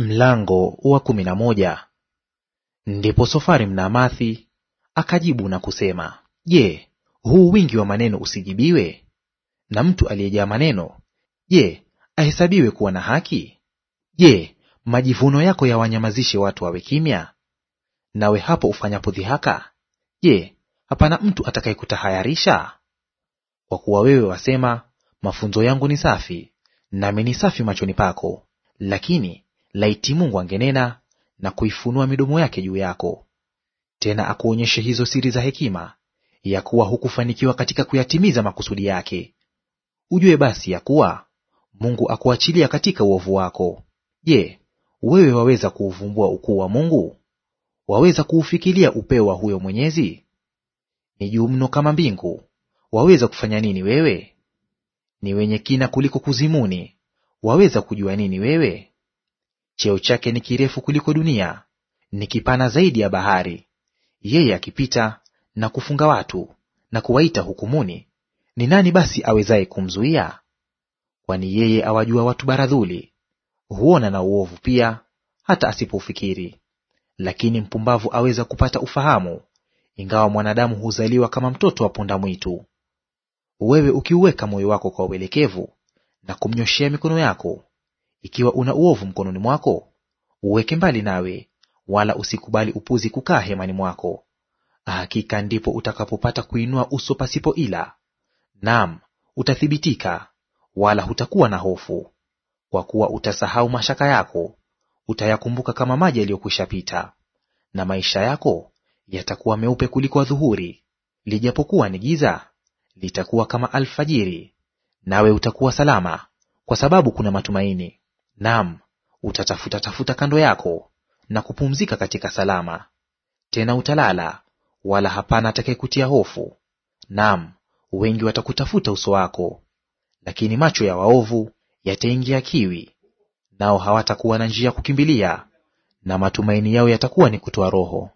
Mlango wa kumi na moja. Ndipo Sofari Mnaamathi akajibu na kusema, Je, huu wingi wa maneno usijibiwe? Na mtu aliyejaa maneno, je, ahesabiwe kuwa na haki? Je, majivuno yako yawanyamazishe watu wawe kimya? Nawe hapo ufanyapo dhihaka, je, hapana mtu atakayekutahayarisha? Kwa kuwa wewe wasema, mafunzo yangu ni safi, nami ni safi machoni pako, lakini Laiti Mungu angenena na kuifunua midomo yake juu yako, tena akuonyeshe hizo siri za hekima, ya kuwa hukufanikiwa katika kuyatimiza makusudi yake. Ujue basi ya kuwa Mungu akuachilia katika uovu wako. Je, wewe waweza kuuvumbua ukuu wa Mungu? Waweza kuufikilia upeo wa huyo Mwenyezi? Ni juu mno kama mbingu, waweza kufanya nini wewe? Ni wenye kina kuliko kuzimuni, waweza kujua nini wewe? Cheo chake ni kirefu kuliko dunia, ni kipana zaidi ya bahari. Yeye akipita na kufunga watu na kuwaita hukumuni, ni nani basi awezaye kumzuia? Kwani yeye awajua watu baradhuli, huona na uovu pia, hata asipoufikiri. Lakini mpumbavu aweza kupata ufahamu, ingawa mwanadamu huzaliwa kama mtoto wa punda mwitu. Wewe ukiuweka moyo wako kwa uelekevu na kumnyoshea mikono yako ikiwa una uovu mkononi mwako, uweke mbali nawe, wala usikubali upuzi kukaa hemani mwako. Hakika ndipo utakapopata kuinua uso pasipo ila; naam, utathibitika, wala hutakuwa na hofu. Kwa kuwa utasahau mashaka yako, utayakumbuka kama maji yaliyokwisha pita. Na maisha yako yatakuwa meupe kuliko adhuhuri; lijapokuwa ni giza, litakuwa kama alfajiri. Nawe utakuwa salama, kwa sababu kuna matumaini. Naam, utatafuta tafuta kando yako na kupumzika katika salama; tena utalala, wala hapana atakayekutia hofu. Naam, wengi watakutafuta uso wako. Lakini macho ya waovu yataingia kiwi, nao hawatakuwa na njia ya kukimbilia, na matumaini yao yatakuwa ni kutoa roho.